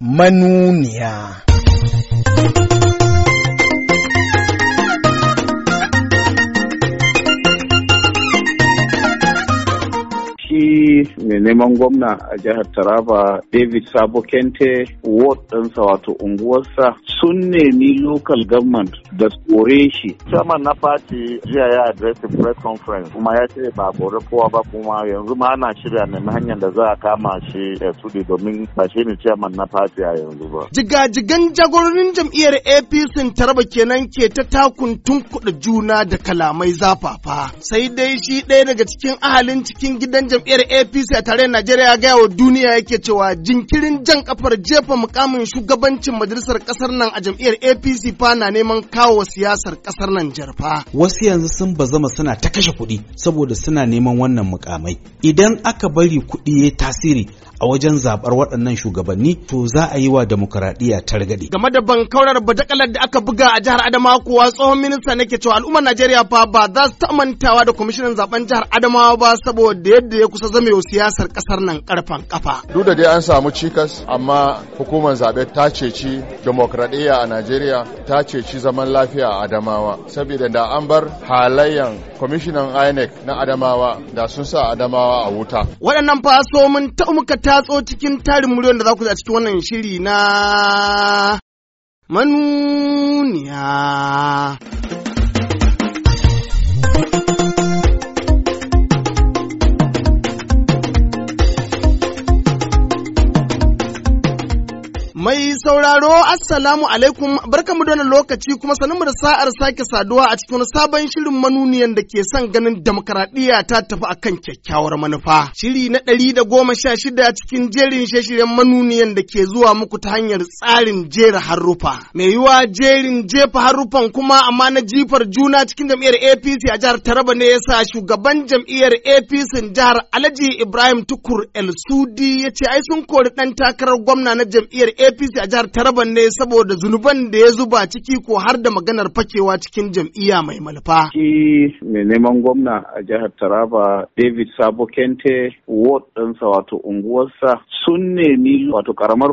manuniya. ne neman gwamna a jihar Taraba David Sabo Kente ward ɗansa wato unguwarsa sun nemi local government da kore shi. Chairman na party jiya ya address press conference kuma ya ce ba kore kowa ba kuma yanzu ma ana shirya nemi hanyar da za a kama shi ya eh, tudu domin ba shi ne chairman na party a yanzu ba. Jigajigan jagororin jam'iyyar APC Taraba kenan ke ta takuntun kuɗi juna da kalamai zafafa. Sai dai shi ɗaya daga cikin ahalin cikin gidan jam'iyyar APC APC a tare Najeriya gaya wa duniya yake cewa jinkirin jan kafar jefa mukamin shugabancin majalisar kasar nan a jam'iyyar APC fa na neman kawo siyasar kasar nan jarfa. Wasu yanzu sun bazama suna ta kashe kuɗi saboda suna neman wannan mukamai. Idan aka bari kuɗi ya tasiri a wajen zabar waɗannan shugabanni to za a yi wa demokaradiyya targaɗe. Game da bankaurar badakalar da aka buga a jihar Adamawa kuwa tsohon minista nake cewa al'ummar Najeriya fa ba za su ta mantawa da kwamishinan zaben jihar Adamawa ba saboda yadda ya kusa zamewa wa siyasar kasar nan karfan kafa. Duk da dai an samu cikas amma hukumar zaɓe ta ceci demokradiyya a Najeriya ta ceci zaman lafiya a Adamawa. Saboda da an bar halayyan kwamishinan INEC na Adamawa da sun sa Adamawa a wuta. Waɗannan faso mun ta tatso cikin tarin miliyon da za ku a cikin wannan shiri na manuniya. Mai sauraro Assalamu alaikum barkamu da wannan lokaci kuma sanin da sa'ar sake saduwa a cikin sabon shirin manuniyan da ke son ganin demokaradiyya ta tafi akan kyakkyawar manufa. Shiri na ɗari da goma sha shida cikin jerin shirin manuniyan da ke zuwa muku ta hanyar tsarin jera haruffa. Mai yiwa jerin jefa haruffan kuma amma na jifar juna cikin jam'iyyar APC a jihar Taraba ne yasa shugaban jam'iyyar APC jihar Alhaji Ibrahim Tukur El Sudi ya ce ai sun kori ɗan takarar gwamna na jam'iyyar APC APC a jihar Taraban ne saboda zunuban da ya zuba ciki ko har da maganar fakewa cikin jam'iyya mai malfa. Shi mai neman gwamna a jihar Taraba David Sabo Kente ward ɗinsa wato unguwarsa sun nemi wato karamar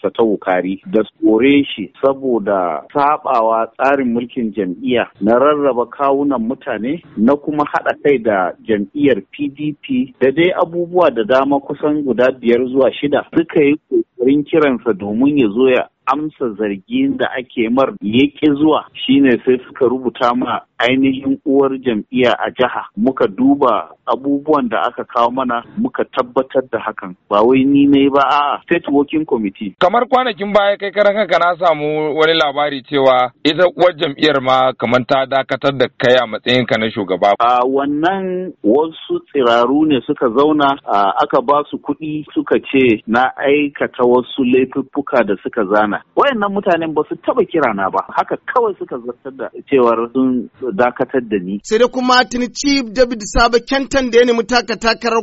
sa ta wukari da kore shi saboda sabawa tsarin mulkin jam'iyya na rarraba kawunan mutane na kuma haɗa kai da jam'iyyar PDP da dai abubuwa da dama kusan guda biyar zuwa shida suka yi wurin kiransa domin ya zo ya amsa zargin da ake mar yake zuwa shine sai suka rubuta ma ainihin uwar jam'iyya a jiha muka duba abubuwan da aka kawo mana muka tabbatar da hakan ba wai ni ne ba a state working committee kamar kwanakin baya kai karan kanka na samu wani labari cewa ita uwar jam'iyyar ma kamar ta dakatar da kai a matsayin ka na shugaba a wannan wasu tsiraru ne suka zauna aka ba su kuɗi suka ce na aikata wasu laifuffuka da suka zana magana wayannan mutanen ba su taba kira na ba haka kawai suka zartar da cewar sun dakatar da ni sai da kuma tuni chief david sabo kentan da ya nemi taka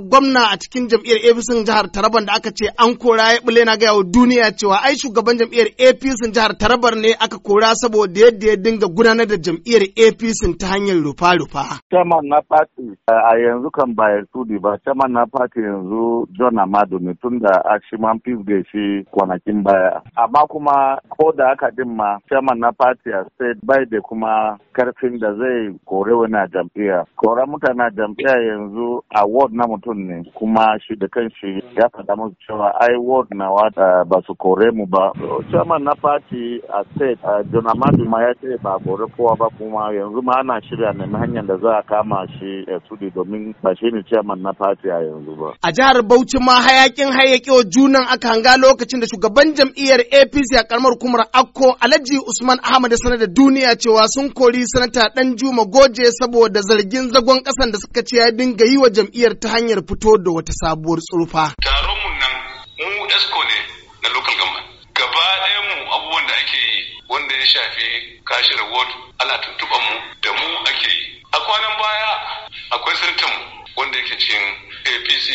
gwamna a cikin jam'iyyar apc jihar taraban da aka ce an kora ya bule na gaya wa duniya cewa ai shugaban jam'iyyar apc jihar tarabar ne aka kora saboda yadda ya dinga gudanar da jam'iyyar apc ta hanyar rufa-rufa chairman na party eh, a yanzu kan bayar tudi ba chairman na party yanzu john amadu ne tun da ashiman peace shi kwanakin baya amma kuma kuma ko da aka din ma chairman na party a state bai da kuma karfin da zai kore wani a jam'iyya koran mutane a jam'iyya yanzu a ward na mutum ne kuma shi da kanshi ya faɗa musu cewa ai ward na wata eh, ba su kore mu ba chairman na party a state eh, john amadu ma ya ce ba kore kowa ba kuma yanzu ma ana shirya neman hanyar da za a kama shi ya eh, sudi domin ba shi ne chairman na party a yanzu ba a jihar bauchi ma hayakin hayakewa junan aka hanga lokacin da shugaban jam'iyyar apc apc a karamar hukumar akko alhaji usman ahmad ya sanar da duniya cewa sun kori sanata dan juma goje saboda zargin zagon kasan da suka ce ya dinga yi wa jam'iyyar ta hanyar fito da wata sabuwar tsurfa taron mu nan mu esko ne na local government gaba ɗaya mu abubuwan da ake yi wanda ya shafi kashi reward ana tuntuɓan mu da mu ake yi a kwanan baya akwai sanatan wanda yake cin apc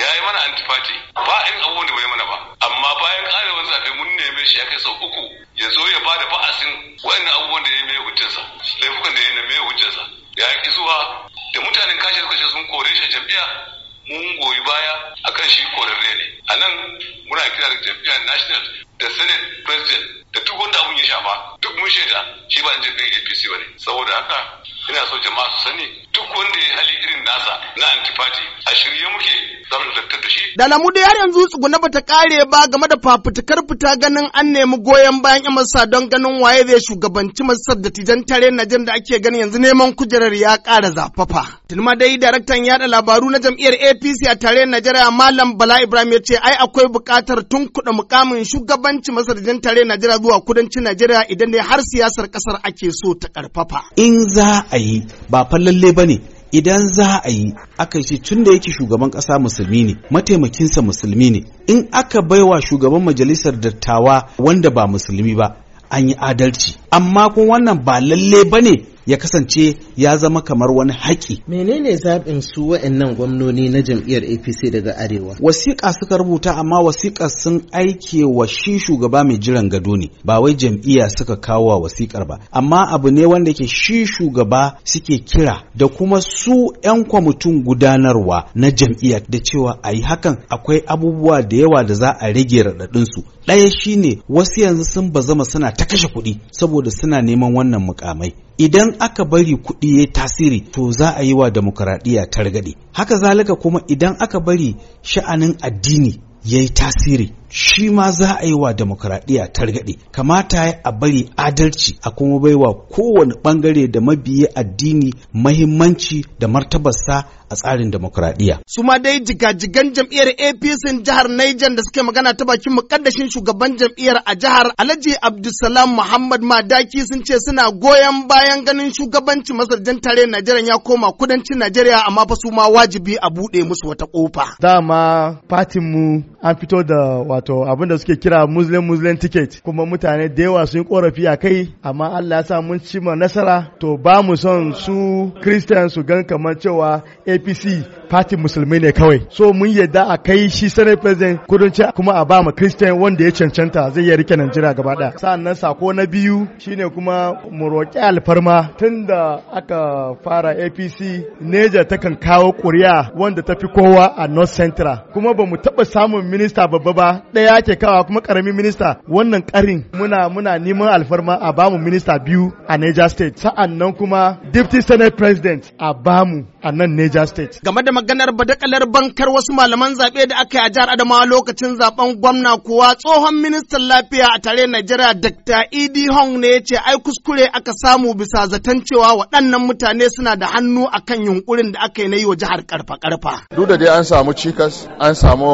ya yi mana antifati. ba irin abubuwan da bai ba injin APC ba ne. Saboda haka ina so jama'a su sani duk wanda ya hali irin nasa fati a shirye muke za mu da shi. Da alamu da har yanzu tsuguna bata kare ba game da fafutukar fita ganin an nemi goyon bayan yan masa don ganin waye zai shugabanci masar da tijan tare na da ake ganin yanzu neman kujerar ya kara zafafa. ma dai daraktan yada labaru na jam'iyyar APC a tare Najeriya Malam Bala Ibrahim ya ce ai akwai buƙatar tun kuɗa mukamin shugabanci masar da tijan tare Najeriya zuwa kudancin Najeriya idan dai har siyasar ƙasar ake so ta ƙarfafa. In za a yi ba fa lalle ba ne idan za a yi aka ce tun da yake shugaban ƙasa musulmi ne mataimakinsa musulmi ne in aka baiwa shugaban majalisar dattawa wanda ba musulmi ba an yi adalci amma kun wannan ba lalle ba ne ya kasance ya zama kamar wani haƙi. Menene zaɓin su wa'annan gwamnoni na jam'iyyar APC daga Arewa? Wasiƙa suka rubuta amma wasiƙa sun aike wa shi shugaba mai jiran gado ne ba wai jam'iyya suka kawo wa wasiƙar ba amma abu ne wanda ke shi shugaba suke kira da kuma su 'yan kwamitin gudanarwa na jam'iyya da cewa a yi hakan akwai abubuwa da yawa da za a rage raɗaɗinsu ɗaya shine wasu yanzu sun bazama suna ta kashe kuɗi saboda suna neman wannan mukamai idan aka bari kuɗi ya tasiri to za a yi wa demokuraɗiyya targaɗe haka zalika kuma idan aka bari sha'anin addini ya yi tasiri shi ma za a yi wa demokuraɗiyya targaɗe kamata a bari adalci a kuma baiwa kowane ɓangare da mabiya addini mahimmanci da martabarsa a tsarin demokuraɗiyya. su ma dai jigajigan jam'iyyar apc jihar niger da suke magana ta bakin mukaddashin shugaban jam'iyyar a jihar alhaji abdulsalam muhammad madaki sun ce suna goyon bayan ganin shugabancin masarjan tare najeriya ya koma kudancin najeriya amma fa su ma wajibi a buɗe musu wata ƙofa. dama fatinmu an fito da wato abinda suke kira muslim muslim ticket kuma mutane da yawa sun korafi a kai amma Allah ya sa mun ci ma nasara to ba mu son su Christian su gan kamar cewa APC party musulmi ne kawai so mun yadda a kai shi senate president kudanci kuma a ba mu Christian wanda ya cancanta zai iya rike Najeriya gaba ɗaya sannan sako na biyu shine kuma mu roki alfarma tunda aka fara APC Neja ta kan kawo ƙuri'a wanda ta fi kowa a North Central kuma ba mu taɓa samun minista babba ba ɗaya ke kawa kuma karamin minista wannan karin muna muna neman alfarma a bamu minista biyu a Niger State sa'an nan kuma deputy senate president a bamu a nan Niger State. Game da maganar badakalar bankar wasu malaman zaɓe da aka yi a jihar Adamawa lokacin zaben gwamna kuwa tsohon ministan lafiya a tare Najeriya Dr. E.D. Hong ne ya ce ai kuskure aka samu bisa zaton cewa waɗannan mutane suna da hannu akan yunkurin da aka yi na yi wa jihar karfa-karfa. Duk da dai an samu cikas an samu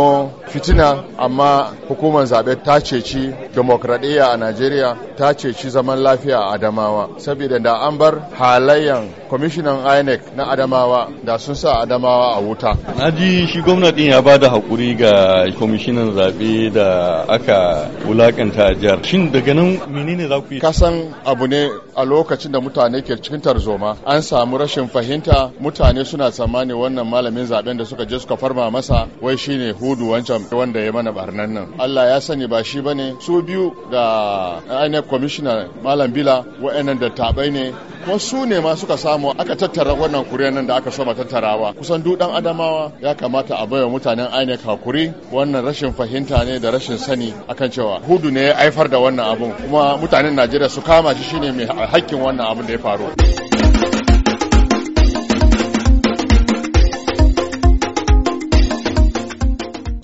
fitina amma hukumar zaɓe ta ceci demokradiyya a najeriya ta ceci zaman lafiya a adamawa saboda da an bar halayyan kwamishinan inec na adamawa da sun sa adamawa a wuta na ji shi gwamnatin ya ba da haƙuri ga kwamishinan zaɓe da aka wulaƙanta a jihar shin daga nan menene za ku yi kasan abu ne a lokacin da mutane ke cikin tarzoma an samu rashin fahimta mutane suna tsammani wannan malamin zaɓen da suka je suka farma masa wai shine hudu wancan wanda ya mana barnan nan Allah ya sani ba shi bane su biyu da ainihin commissioner malam bila wa'annan da tabai ne kuma su ne ma suka samu aka tattara wannan kuri nan da aka soma tattarawa kusan duk dan adamawa ya kamata a baiwa mutanen INEC hakuri wannan rashin fahimta ne da rashin sani akan cewa hudu ne ya haifar da wannan abun kuma mutanen Najeriya su kama shi shine mai hakkin wannan abun da ya faru.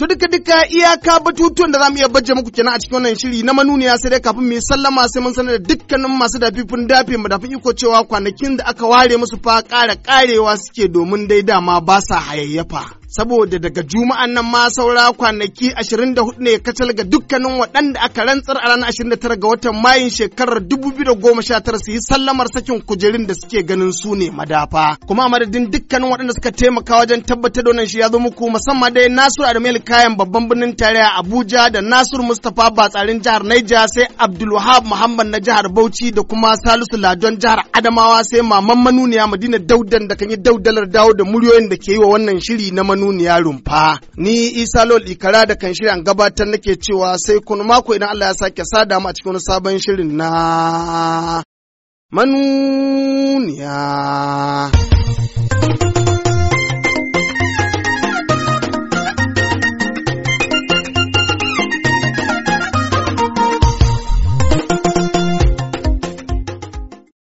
To duka duka iyaka batutuwan da za mu iya bajje muku kenan a cikin wannan shiri na manuniya sai dai kafin mu yi sallama sai mun sanar da dukkanin masu dafifin dafe mu dafin iko cewa kwanakin da aka ware musu fa ƙara ƙarewa suke domin dai dama ba sa hayayyafa. saboda daga juma'an nan ma saura kwanaki 24 ne kacal ga dukkanin waɗanda aka rantsar a ranar 29 ga watan mayin shekarar 2019 su yi sallamar sakin kujerun da suke ganin su ne madafa kuma madadin dukkanin waɗanda suka taimaka wajen tabbatar da wannan shi ya zo muku musamman dai Nasiru Adamu kayan babban birnin tarayya Abuja da Nasiru Mustapha Batsarin jihar Naija sai Abdulwahab Muhammad na jihar Bauchi da kuma Salisu Ladon jihar Adamawa sai Maman Manuniya Madina Daudan da kan yi daudalar dawo da muryoyin da ke yi wa wannan shiri na manuniya rumfa ni isa lol ikara da kan shirin gabatar nake cewa sai kun mako idan Allah ya sake sada mu a cikin wani sabon shirin na manuniya